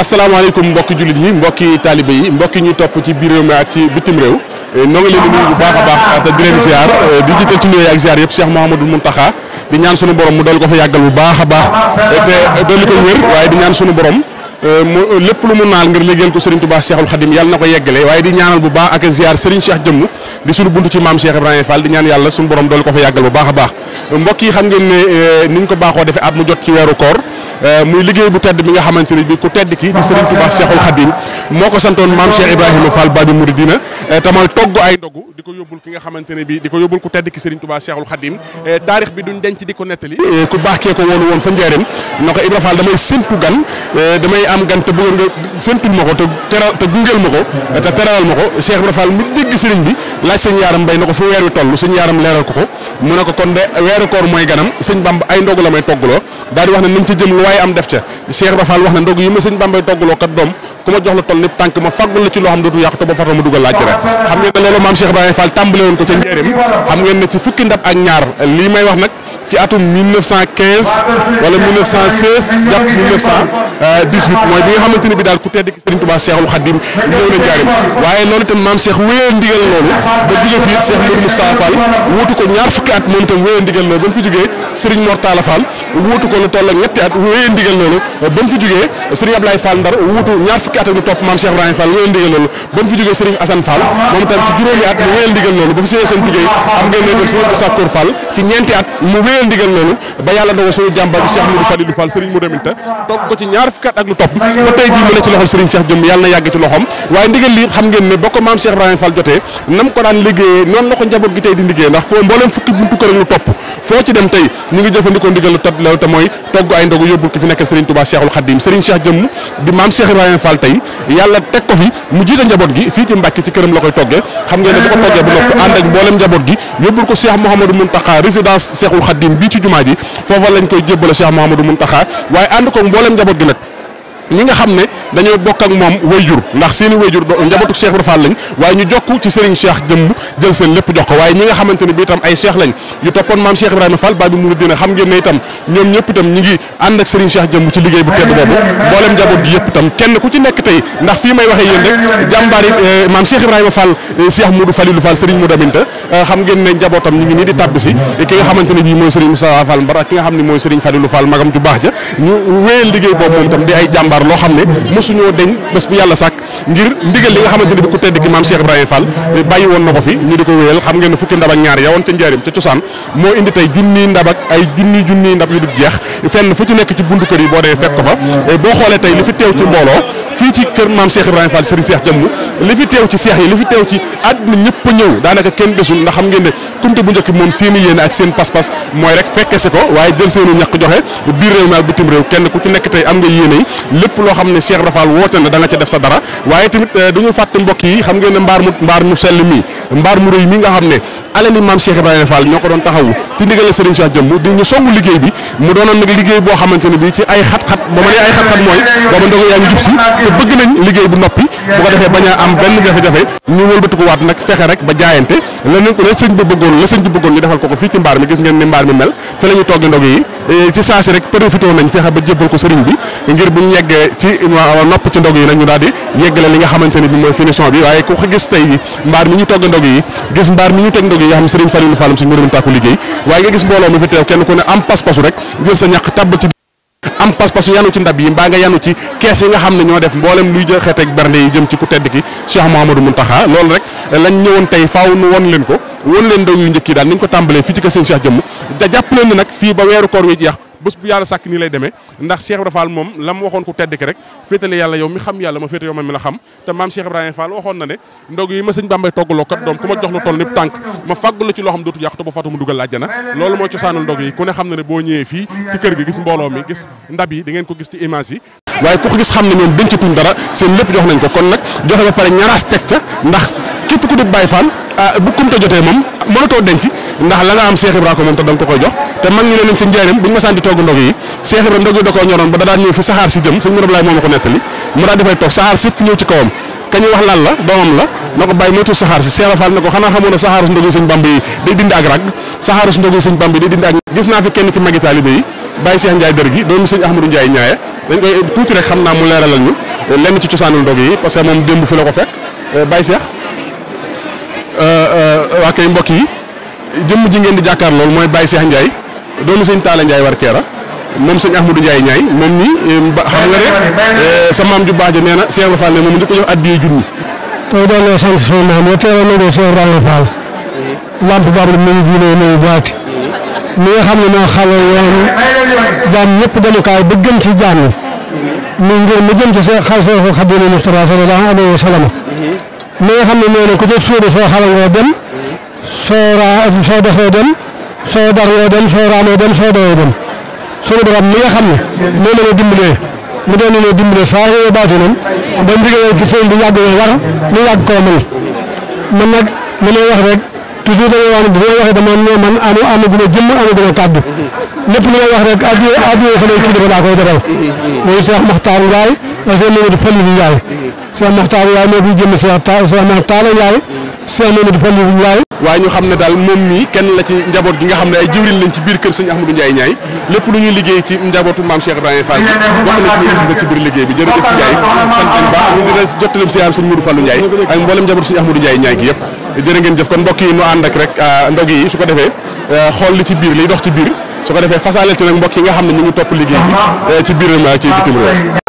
asalaamaaleykum mbokki jullit yi mbokki taalibe yi mbokki ñu topp ci biir réew mi ak ci bitim réew eh, noo ngi leen bu baax a baax ah, te di leen ziar eh, di jiital ci nuyoo ak ziar yëpp Cheikh Mouhamadou Mountakha di ñaan sunu borom mu dool ko fa yàggal bu baax a baax eh, te dolli ko wér waaye di ñaan sunu borom mu lépp lu mu naal ngir liggéeyal ko Serigne Touba Cheikhul Khadim yàlla na ko yeggale waaye di ñaanal bu baax ak ziar Serigne Cheikh Jëmm di suñu buntu ci maam Cheikh Ibrahima Fall di ñaan yàlla suñu borom doolu ko fa yàggal bu baax a baax mbokk yi xam ngeen ne eh, niñ ko baaxoo defee at mu jot ci weeru koor eh, muy liggéey bu tedd bi nga xamante ne bi ku tedd ki di Serigne Touba Cheikhul Khadim moo ko santoon maam Cheikh Ibrahima Fall Babi Mouridina eh, te mooy togg ay ndogu di ko yóbbul ki nga xamante ne bi di ko yóbbul ku tedd ki Serigne Touba Cheikhul Khadim eh, taarix bi duñ denc di ko nettali eh, ku baax kee ko woonu woon fa njëriñ na ko Ibra Fall damay séntu gan damay am gan te bëggoon nga séntul ma ko te teral te gungeel ma ko te teralal ma ko Cheikh Ibra Fall mi dégg Serigne bi laaj sëñ yaaram mbay na ko fu weer wi toll sëñ yaaram leeral ko ko mu ne ko kon de weeru mooy ganam sëñ Bamba ay ndogu la may toggaloo daal di wax ne nañ ca jëm lu waaye am def ca Cheikh Ibra Fall wax ne ndogu yi ma sëñ Bamba doom ku ma jox la toll lépp tànk ma faggul la ci loo xam dootu yàq te ba fatoo ma dugal laaj rek xam ngeen loolu maam Cheikh Ibrahima Fall tàmbale woon ko ca njëriñ xam ngeen nag ci atum 1915 wala loolu itam maam Cheikh wéyal ndigal loolu ba jógee fii ko ñaar fukki at moom itam wéyal ndigal loolu ba mu fi jógee Serigne Mor Talla Fall wuutu ko lu toll ak ñetti topp maam Cheikh Ibrahima Fall jotee nam ko daan liggéeyee noonu la njaboot gi tey di liggéey ndax foo mbooleem fukki buntu kër ak lu topp foo ci dem tey ñu ngi jëfandikoo ndigal lu topp loolu te mooy togg ay ndogu yóbbul ki fi nekk Serigne Touba Cheikhul Khadim Serigne Cheikh jëmm di maam Cheikh Ibrahima Fall tey yàlla teg ko fi mu jiite njaboot gi fii ci Mbàkke ci këram la koy toggee xam ngeen ne bu ko toggee ba noppi ànd ak mboolem njaboot gi yóbbul ko Cheikh Mouhamadou Mountakha résidence Cheikhul Khadim bii ci jumaa ji foofa lañ koy jébbale Cheikh Mouhamadou Mountakha waaye ànd ko mboolem njaboot gi nag ñi nga xam ne dañoo bokk ak moom wayjur ndax seeni wayjur njabootu Cheikh Ibra Fall lañ waaye ñu jokku ci Serigne Cheikh jëmb jël seen lépp jox ko waaye ñi nga xamante ne bi itam ay Cheikh lañ yu toppoon maam Cheikh Ibrahima Fall Baabul Muridiina xam ngeen ne itam ñoom ñëpp itam ñi ngi ànd ak Serigne Cheikh jëmb ci liggéey bu tedd boobu mboolem njaboot gi yëpp itam kenn ku ci nekk tey ndax fii may waxee yéen rek jàmbaar yi eh, maam Cheikh Ibrahima Fall eh, Cheikh Moudou Falilou Fall Serigne Moudou Aminta eh, xam ngeen ne njabootam ñi ngi nii di tàbbi si ki nga xamante ne bii mooy Serigne Moussa Fall Mbar ak ki nga xam ne mooy Serigne Falilou Fall magam ju baax ja ñu wéyal liggéey boobu moom itam di ay jàmbaar jàmbaar loo xam ne mosuñoo deñ bés bu yàlla sàkk ngir ndigal li nga xamante ne bi ku tedd ki maam Cheikh Ibrahima Fall bàyyi woon na fi ñu di ko wéyal xam ngeen fukki ndab ak ñaar yawoon ca njaarim ca cosaan moo indi tey junniy ndab ak ay junni junniy ndab yu du jeex fenn fu ci nekk ci buntu kër yi boo dee fekk ko fa eh, boo xoolee tey li fi teew ci mbooloo fii ci kër maam Cheikh Ibrahima Fall Serigne Cheikh Jëmm li fi teew ci seex yi li fi teew ci àdduna ñëpp a ñëw daanaka kenn desul ndax xam ngeen ne kumte bu njëkk moom seen i yéene ak seen pas-pas mooy rek fekke si ko waaye jël lépp loo xam ne Cheikh Rafal woote na danga ca def sa dara waaye tamit euh, du ñu fàtte mbokk yi xam ngeen ne mbaar mu mbaar mu sell mi mbaar mu rëy mi nga xam ne alali maam Cheikh Ibrahima Fall ñoo ko doon taxawu ci ndigal la Serigne Cheikh Jëmb di ñu songu liggéey bi mu doonoon nag liggéey boo xamante ne bii ci ay xat-xat ba ma ay xat-xat mooy booba ndogu yaa ngi jub si te bëgg nañ liggéey bu noppi bu ko defee bañ a am benn jafe-jafe ñu wëlbatiku waat nag fexe rek ba jaayante la ne la sëñ bi bëggoon la sëñ bi ñu defal ko ko fii ci mbaar mi gis ngeen ni mbaar mi mel eh, ba jébbal ko bi ngir bu ñu yeggee ci nopp ci yi nag ñu daal di li nga xamante ne bi mooy finition bi waaye ku gis tey mbaar mi ñu togg ndog yi gi nga xam sëriñ Falilou Fall suñu mbirum tàkku liggéey waaye nga gis mbooloo mi fi teew kenn ku ne am pas-pasu rek jël sa ñàq tabb ci am pas-pasu yanu ci ndab yi mbaa nga yanu ci kees yi nga xam ne ñoo def mboolem luy jël xeeteeg bernde yi jëm ci ku tedd ki Cheikh Mouhamadou Mountakha loolu rek lañ ñëwoon tey faaw nu won leen ko won leen ndaw yu njëkk daal ni ko tàmbalee fii ci kër sëñ Cheikh jëmm jàpp leen ni nag fii ba weeru koor wi jeex bés bu yàlla sàkk nii lay demee ndax Cheikh Ibra moom la mu waxoon ku tedd ki rek féetale yàlla yow mi xam yàlla ma féete yow ma mi la xam te maam Cheikh Ibrahima waxoon na ne ndog yi ma sëñ Bambay toggaloo kat doom ku ma jox lu toll nip tànk ma fàggu la ci loo xam dootu yàq te bu fatu mu dugal àjjana loolu mooy cosaanul ndog yi ku ne xam na ne boo ñëwee fii ci kër gi gis mbooloo mi gis ndab yi da ngeen ko gis ci image yi waaye ku ko gis xam ne ñoom dencatuñ jox nañ ko kon nag joxe ba pare ndax képp ku di Baay Fall Ah, bu kumte jotee moom mënatoo denc ndax la nga am Cheikh Ibra ko moom te danga ko koy jox te mag ñi ne nañ ci njaareem buñ ma santi togg ndog yi Cheikh Ibra ndog yi da koo ñoroon ba da daan ñëw fi saxaar na ko saxaar si Cheikh Fall ne ko xanaa xamoon ne saxaarus ndog day dindi ak rag saxaarus ndog yi sëñ Bamba yi day dindi ak gis naa fi kenn ci magi taalibe yi Baye Cheikh Ndiaye dër gi doomu sëñ Ahmadou Ndiaye ñaaya dañ koy tuuti rek xam naa mu leeralal ñu lenn ci cosaanul ndog yi parce moom démb fi la ko fekk Baye Cheikh Euh, euh, waa kay mbokk yi jëmm ji ngeen di jàkkaar lool mooy Baye Cheikh Ndiaye doomu sëñ Talla Ndiaye war keera moom sëñ Ahmadou Ndiaye Ndiaye moom nii xam nga ne eh, moom di ko jox addiye junni. tey daal loo sant suñu maam yow teel a mu ba gën ci jaam yi mu ngir mu jëm ci seen xaw Seexul Xadiim Mustafa sallallahu alayhi wa li nga xam ne nee na ku ca suudu soo xarangoo dem soo raa soo defoo dem soo darngoo dem soo raanoo dem soo doyoo dem soo borom mi nga xam ne nee na la dimbalee mu doon ne dimbale saa yoo baatu noonu ba ndigal ci sëñ bi yàgg yoo war mu yàgg man nag li may wax rek toujours dañoo wax ne bu may waxee dama ne man amu amaguma jëmm amaguma wax rek addu addu laa koy defal mooy Cheikh Makhtar Ndiaye Cheikh Mamadou Fallu Njaay Cheikh Makhtar Njaay moo fi jënd Cheikh Ta Cheikh Makhtar Njaay Cheikh Mamadou Fallu Njaay waaye ñu xam ne daal moom mi kenn la ci njaboot gi nga xam ne ay jiwriñ lañ ci biir kër sëñ Ahmadou Ndiaye Ndiaye lépp lu ñuy liggéey ci njabootu maam Cheikh Ibrahima Fall wax na ci ñu ci biir liggéey bi jërëjëf Ndiaye sant nañ baax ñu dina jottalim siyaar sëñ Modou Fallou Ndiaye ak mboolem njabootu sëñ Ahmadou Ndiaye Ndiaye gi yëpp jërë ngeen jëf kon mbokk yi ñu ànd ak rek ah, ndog yi su ko defee eh, xool li ci biir liy dox ci biir su ko defee fasaaleel ci nag mbokk yi nga xam ne ñu ngi topp liggéey bi eh, ci biiram ah, ci bitim réew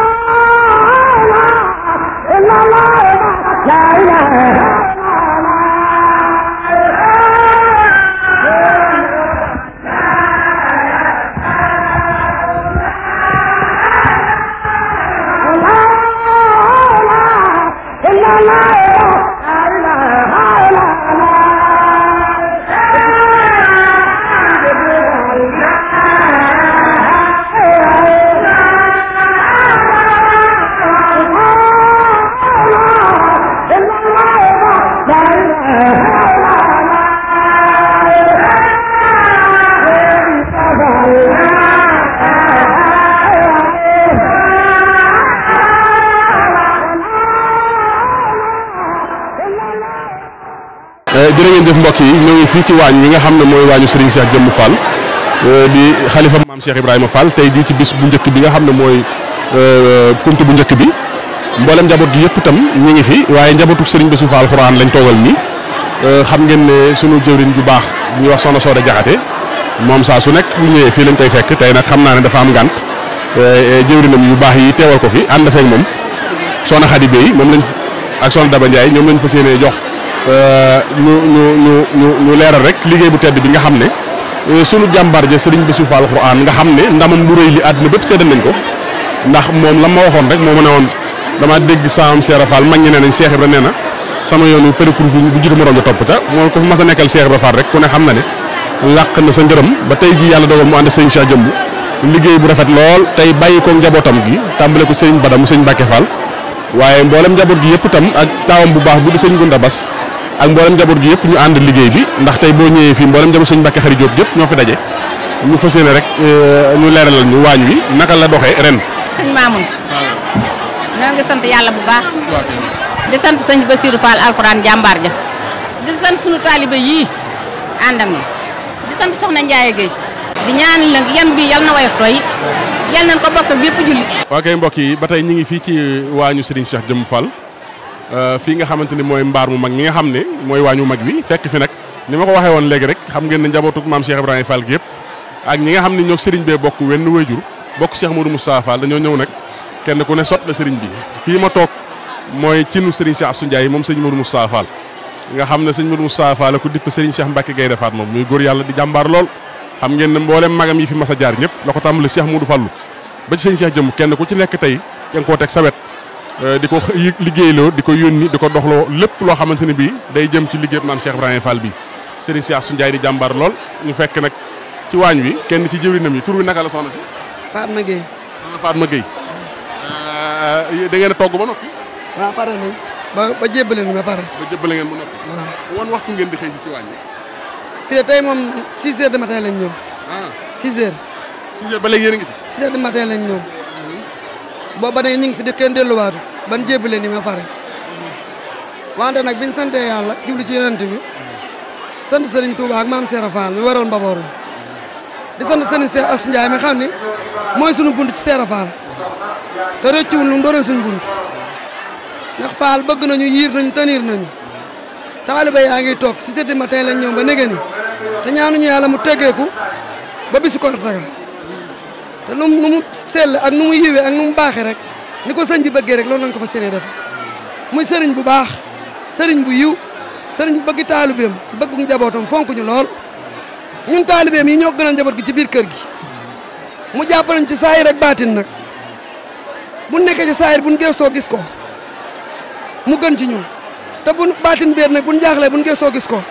fii ci waañ wi nga xam ne mooy waañu Serigne Cheikh Jëmm Fall euh, di xalifa maam Cheikh Ibrahima Fall tey jii ci bis bu njëkk bi nga xam ne mooy euh, kumte bu njëkk bi mboolem njaboot gi yëpp itam ñu ngi fi waaye njabootu Serigne Bassirou Fall Xuraan lañ toogal nii euh, xam ngeen sunu jëwriñ ju baax ñuy wax soxna Soda Jaxate moom saa su nekk bu ñëwee fii lañ koy fekk tey nag xam naa ne dafa am ngànt jëwrinam yu baax yi teewal ko fi ànd feeg moom soxna Xadi Bey moom lañ ak soxna Daba Ndiaye ñoom lañ fas yéenee jox Euh, ñu ñu ñu ñu leeral rek liggéey bu tedd bi nga xam ne euh, sunu jàmbaar ja sëriñ Bassirou Fall Alxuraan nga xam ne ndamam lu rëy li àdduna bépp séddal nañ ko ndax moom la ma waxoon rek moo ma ne woon damaa dégg saam Cheikh Fall mag ñi nee nañ Cheikh Ibra nee na sama yoonu parcours bu jiitu moroom ja topp ta moom ko fi mas a nekkal Cheikh Ibra Fall rek ku ne xam na ne làq na sa njërëm ba tey ji yàlla dogal mu ànd sëñ Cheikh Jëmb liggéey bu rafet lool tey bàyyi ko njabootam gi tàmbale ko sëñ Bada mu sëñ Mbàkke Fall waaye mboolem njaboot gi yëpp tam ak taawam bu baax bu di sëñ Gunda Bas ak mboolem njaboot gi yëpp ñu ànd liggéey bi ndax tey boo ñëwee fii mboolem njaboot sëñ Mbàkke Xari Jóob yëpp ñoo fi daje ñu fas yéene rek euh, ñu leeralal ñu waañ wi naka la doxee ren. sëñ Maamun. ñoo ngi sant yàlla bu baax. di sant sëñ Bassirou Fall alxuraan jàmbaar ja di sant sunu taalibe yii àndam na di sant soxna Ndiaye Guèye. di ñaan la yan bi yal na woyof tooy yal nañ ko bokk ak bépp jullit. waa kay mbokk yi ba tey ñu ngi fii ci waañu Serigne Cheikh Jëmm Euh, fii nga xamante ni mooy mbaar mu mag ñi nga xam ne mooy waañu mag wi fekk fi nag ni ma ko waxee woon léegi rek xam ngeen ne njabootug maam Cheikh Ibrahima Fall gi yëpp ak ñi nga xam ne ñoo sëriñ bee bokk wenn wéyjur bokk Cheikh Modou Moustapha Fall dañoo ñëw nag kenn ku ne sot la sëriñ bi fii ma toog mooy cinu sëriñ Cheikh Assou moom sëriñ Modou Moustapha nga xam ne sëriñ Modou Moustapha Fall la ko dipp sëriñ Cheikh Mbacke Gaye defaat moom muy góor yàlla di jàmbaar lool xam ngeen ne magam yi fi mas a jaar ñëpp la ko tàmbali Cheikh Modou Fallu ba ci sëriñ Cheikh jëm kenn ku ci nekk tey kenn teg sa Euh, di ko liggéeyloo di ko yónni di ko dox doxloo lépp loo xamante ne bii day jëm ci liggéey maam Cheikh Ibrahima Fall bi Serigne Cheikh su Ndiaye di jàmbaar lool ñu fekk nag ci waañ wi kenn ci jëwriñam yi tur wi naka la soxna si. Fatma Gueye. soxna Fatma Gueye. Euh, euh, da ngeen a togg ba noppi. waaw ba ba jébbale nañ ba pare. ba jébbale ngeen ba noppi. waaw wan waxtu ngeen di xëy si waañ wi. fii tey moom 6 heures matin lañ ñëw. 6 ah. heures. ba léegi yéen a ngi fi. ba léegi ñu ngi fi di kenn delluwaatu. ban jébbale ni ma pare wante nag biñ santee yàlla jublu ci yonent bi sant Serigne Touba ak maam Seera Fall mi waral Mbabooru di sant Serigne Cheikh Assou Ndiaye mi xam ne mooy sunu bunt ci Seera Fall te rëccuwul lu mu doon suñu bunt ndax Fall bëgg nañu yiir nañu tenir nañu taaliba yaa ngi toog si seeti matin lañ ñëw ba nege ni te yàlla mu teggeeku ba bisu Korite ga te nu mu nu ak nu mu yiwee ak nu mu baaxee rek. ni ko sëñ bi bëggee rek loolu lañ ko fa séenee def muy sëriñ bu baax sëriñ bu yiw sëriñ bu bëgg taalibeem bëggu njabootam fonk ñu lool ñun taalibeem yi ñoo gënal njaboot gi ci biir kër gi mu jàppalañ ci saayir ak baatin nag bu nekkee ci saayir buñ soo gis ko mu gën ci ñun te buñ baatin beer nag bu buñ jaaxlee buñ soo gis ko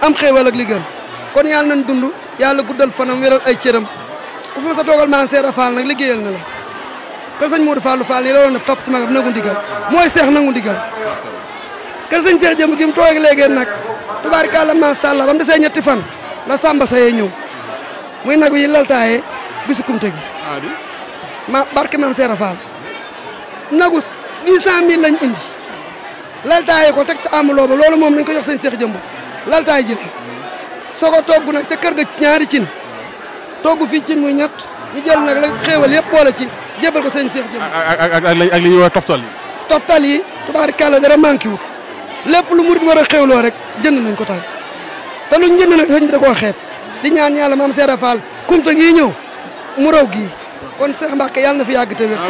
am xéewal ak li gën kon yàlla nañ dund yàlla guddal fanam wéral ay cëram ku fi ma sa toogal maan seer nag liggéeyal na kon sëñ Modou Fallou Fall yi la doon def topp ci magam nangu ndigal mooy seex nangu ndigal kër sëñ seex jëmb gi mu toog léegi nag tubaarkàlla macha allah ba mu desee ñetti fan la Samba Saye ñëw muy nagu yi laltaaye bisu kumte gi ah, ma barke maam Seera Fall nagu 800000 lañ indi laltaaye ko teg ca amuloo ba loolu moom dañ ko jox sëñ seex jëmb laltaay ji la soo ko togg nag ca kër ga ñaari cin togg fii cin muy ñett ñu jël nag la xéewal yëpp boole ci jébbal ko sëñ Seex jëm ak ak ak li ñuy wax toftal yi toftal yi tubaarikàlla dara manqué lépp lu murid war a xewloo rek jënd nañ ko tay te luñ jënd nag sëñ bi da koo xeeb di ñaan yàlla maam Seera Fall kumta ngi ñëw mu raw gii kon Seex Mbàkke fi yàgg te wér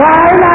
waaye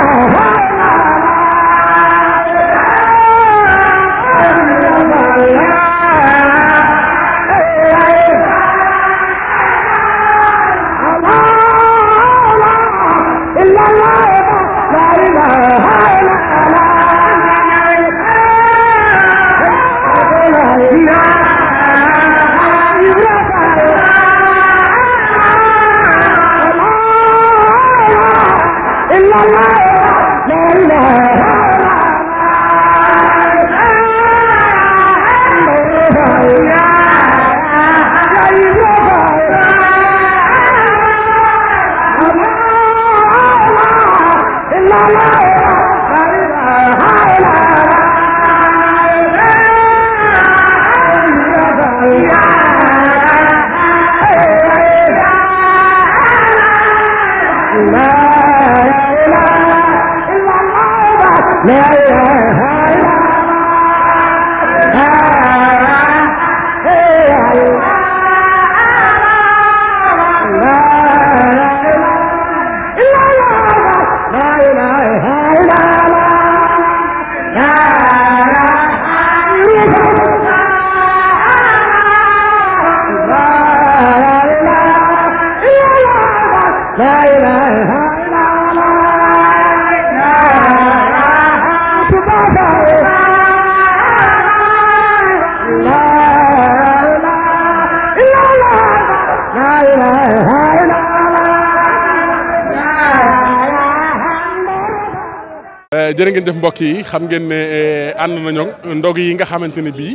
Eh, jërë ngeen jëf mbokk yi xam ngeen ne eh, ànd nañoo ndog yi nga xamante ne bii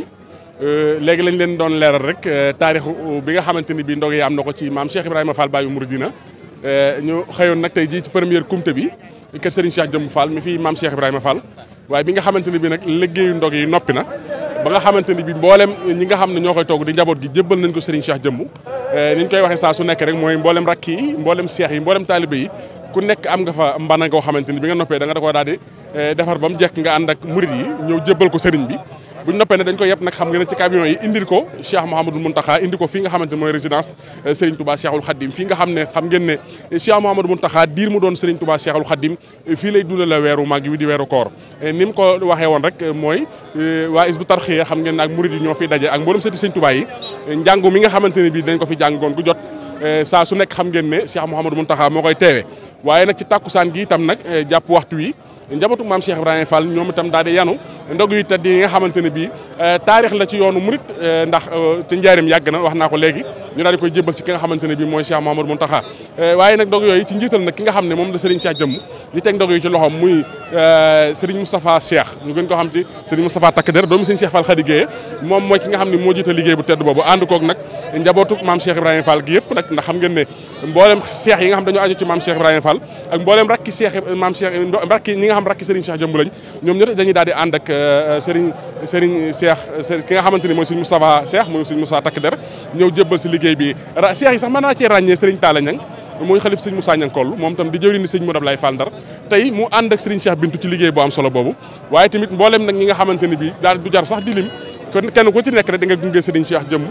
eh, léegi lañ leen doon leeral rek taarixu bi nga xamante ne bii ndog yi am na ko ci maam Cheikh Ibrahima Fall Baye Mouridina ñu xëyoon nag tey jii ci première kumte bi kër Serigne Cheikh Jëmb Fall mi fi maam Cheikh Ibrahima Fall waaye bi nga xamante ne bii nag liggéeyu ndog yi noppi na ba nga xamante ni bi mboolem ñi nga xam ne ñoo koy togg di njaboot gi jébbal nañ ko Serigne Cheikh Jëmb ni ñu koy waxee saa su nekk rek mooy mboolem rakk yi mboolem seex yi mboolem taalibe yi ku nekk am nga fa mbana goo xamante ni bi nga noppee da nga da koo Eh, defar ba mu jekk nga ànd ak murit yi ñëw jébbal ko sëriñ bi bu noppee ne dañ ko yëpp nag xam nga ne ci camion yi indil ko Cheikh Mouhamadou Mountakha indi fii nga xamante mooy résidence eh, Serigne Touba Cheikhul Khadim fii nga xam ne xam ngeen ne eh, Cheikh Mouhamadou Mountakha diir mu doon Serigne Touba Cheikhul Khadim fii lay dundal la weeru mag wi di weeru koor ni mu ko waxee woon rek mooy waa Hizbut Tarqiyyah xam ngeen ne ak murid yi ñoo fiy daje ak mboolem sëti Serigne Touba yi njàngu mi nga xamante ne bii dañ ko fi jàngoon gu jot saa su nekk xam ngeen ne Cheikh Mouhamadou Mountakha moo koy teewee waaye ci tàkkusaan gi itam nag jàpp waxtu wi njabootu maam Cheikh Ibrahima Fall ñoom itam daal di yanu ndog yu tedd yi nga xamante ne bii euh, taarix la ci yoonu murit euh, ndax euh, ci yàgg na wax naa ko léegi ñu daal di koy jébbal si ki nga xamante ne bii mooy Cheikh Mamadou Mountakha waaye ki nga xam ne moom la Serigne Cheikh jëmm ñi teg ndog yi ci loxoom muy Serigne Moustapha Cheikh ñu gën ko xam ci Serigne Moustapha bu tedd boobu ànd koog nag njabootu yëpp nag xam ngeen ne mboolem cheikh yi nga xam dañoo aju ci maam Cheikh Ibrahima Fall ak mboolem rakki cheikh maam cheikh rakki xam rakki Serigne Cheikh Jëmb euh, ki nga xamante ni mooy Serigne Moustapha Cheikh mooy Serigne Moussa Takk Der ñëw jébbal si liggéey bi Cheikh yi moom tam di jëwriñ ni sëñ Modou Ablaye Fall Ndar tey mu ànd ak Serigne solo boobu waaye tamit mboolem nag ñi nga xamante ni bi daal du jar sax di lim kon kenn ku ci nekk rek da nga gunge Serigne Cheikh jëmm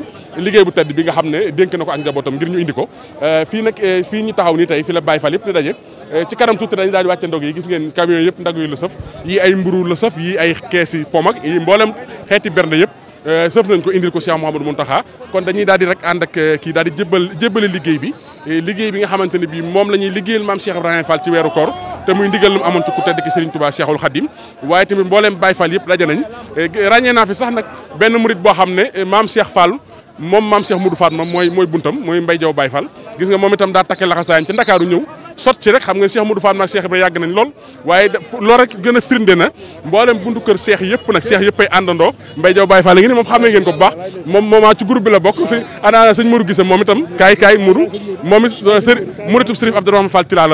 liggéey bu tedd bi nga xam ne dénk na ko ak njabootam ngir ñu indi ko euh, euh, fii ñu taxaw nii tey fi la Baye Fall yëpp di daje Eh, ci kanam tuuti dañ daal di wàcce ndog yi gis ngeen camion yëpp ndog yi la sëf yii ay mburu la sëf yii ay keesi pom ak mboolem xeeti bernde yëpp eh, sëf nañ ko indil ko Cheikh mu Mountakha kon dañuy daal di rek ànd ak eh, kii daal di jébbal jébbale liggéey bi liggéey bi nga xamante ne bii moom la ñuy liggéeyal maam Cheikh Ibrahima Fall ci weeru koor te mu amoon ci ku tedd ki Serigne Touba Cheikhul Khadim waaye tamit mbooleem Baye Fall yëpp daje nañ naa fi sax nag benn murit boo xam ne maam Cheikh Fall moom maam Cheikh Moudou Fatma mooy mooy buntam mooy Mbaye Diaw Baye Fall gis nga moom itam daa takke laxasaayam ci Ndakaaru ñëw sot ci rek xam nga Cheikh Modou Fall ak Cheikh Ibra yàgg nañ lool waaye loolu rek gën a firnde na mboolem buntu kër Cheikh yëpp nag Cheikh yëpp ay àndandoo Mbaye Diaw Baye Fall ngi ni moom xam ngeen ko bu baax moom moomaa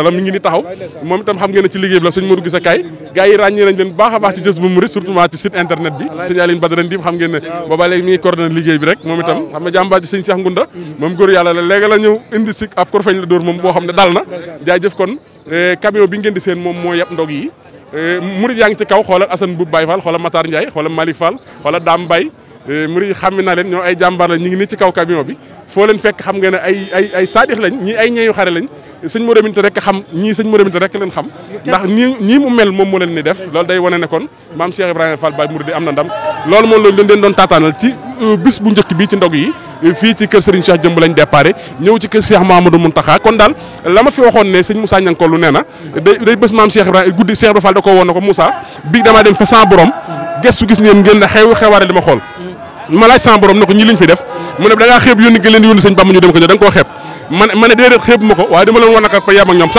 euh, ngi ni taxaw moom itam xam ngeen ci liggéey bi la sëñ Modou Gissé kaay gars yi ràññee nañ leen baax a xam ngeen ne booba mi ngi coordonné liggéey bi rek moom itam xam nga jàmbaar ci sëñ Ngunda moom góor yàlla la léegi la ñëw indi si af kor feeñ la dóor moom jaajëf kon eh, camion bi ngeen di seen moom mooy yeb ndog yi eh, murit yaa ngi ci kaw xoola Assane Mboup Baye Fall xoolal Matar Ndiaye xoolal Malick Fall xoolal daam Baye Eh, muri xam na leen ñoo ay jàmbaar lañ ñu ngi nii ci kaw camion bi foo leen fekk xam nga ne ay ay ay saadix lañ ñii ay ñeeyu xare lañ sëñ Modou Aminta rek xam ñii sëñ Modou Aminta rek leen xam ndax nii nii mu mel moom moo leen ni def loolu day wane ne kon maam Cheikh Ibrahima Fall Baye am na ndam loolu moom loolu leen doon taataanal ci euh, bis bu njëkk bii ci yi euh, fii ci kër Serigne Cheikh jëmb lañ déparé ñëw ci kër Cheikh Mamadou Mountakha kon daal la ma fi waxoon ne sëñ Moussa Ñankolu nee na day day bés maam Cheikh Ibrahima guddi Cheikh Ibrahima Fall da ko woon na ko Moussa bi damaa dem fa sans borom gestu gis ngeen ngeen xew xewaare li ma xool ma laaj sama borom ne ko ñi liñ fi def mu ne da ngaa xeeb yónni ma ne déedéet xeeb ma ko waaye dama leen war naka pa yam ak ñoom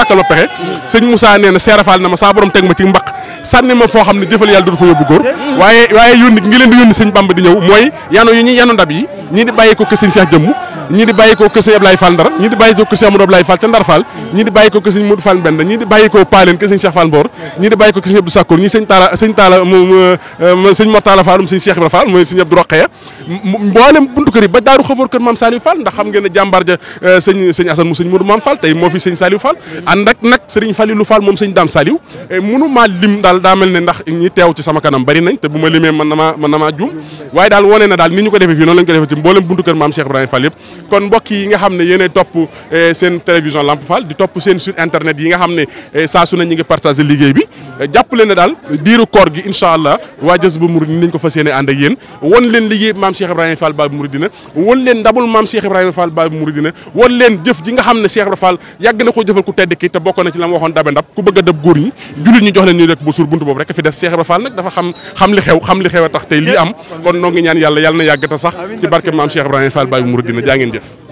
ngi leen di yónni sëñ Bamba di ñëw mooy yano yi ñi yanu ndab yi ñi di bàyyi ko ke sëñ Cheikh jëmm ñii di bàyyi koo kër sëñ Ablaye Fall Ndar ñii di bàyyi koo kër sëñ Amadou Ablaye Fall ca Ndar Fall ñii di bàyyi koo kër sëñ Modou Fall Mbend ñii di bàyyi koo Paaleen kër sëñ Cheikh Fall Mbor ñii di bàyyi koo kër sëñ Abdou ñii sëñ Taala sëñ Taala euh, euh, sëñ Mortala Fall sëñ Cheikh Ibra Fall mooy sëñ Abdou Roqeya mboolem buntu kër yi ba daaru xafoor kër maam Saliou Fall ndax xam ngeen ne jàmbaar ja euh, sëñ sëñ Assane mu sëñ Modou Maam Fall tey moo fi sëñ Saliou Fall ànd ak nag sëriñ Falilou Fall moom sëñ Dame Saliou munu maa lim daal daa mel ne ndax ñi teew ci sama kanam bari nañ te bu ma limee mën na maa mën na maa juum waaye daal wone na daal ni ñu ko defee fii noonu lañ ko defee ci mboolem buntu kër maam Cheikh Ibrahima Fall yëpp kon mbokk yi nga xam ne topp euh, seen télévision Lamp di topp seen site internet yi nga xam ne euh, saa su ne ñi ngi liggéey bi jàpp leen ne daal diiru incha allah waa jës bu mur ni ko fas yéene ànd ak yéen won Cheikh Ibrahima Fall Babu Mouridina wan leen ndamul maam Cheikh Ibrahima Fall Babu Mouridina wan leen jëf ji nga xam ne Cheikh Ibrahima Fall yàgg na ko jëfal ku tedd ki te bokk na ci la ma waxoon dabe ndab ku bëgg a góor ñi jullit ñi jox leen ñu rek bu suur buntu boobu rek fi des Cheikh Ibrahima Fall dafa xam xam li xew xam li xew a tax tey lii am kon noo ñaan yàlla yàlla na yàgg sax ci barke maam Cheikh Ibrahima Fall Babu Mouridina jaa ngeen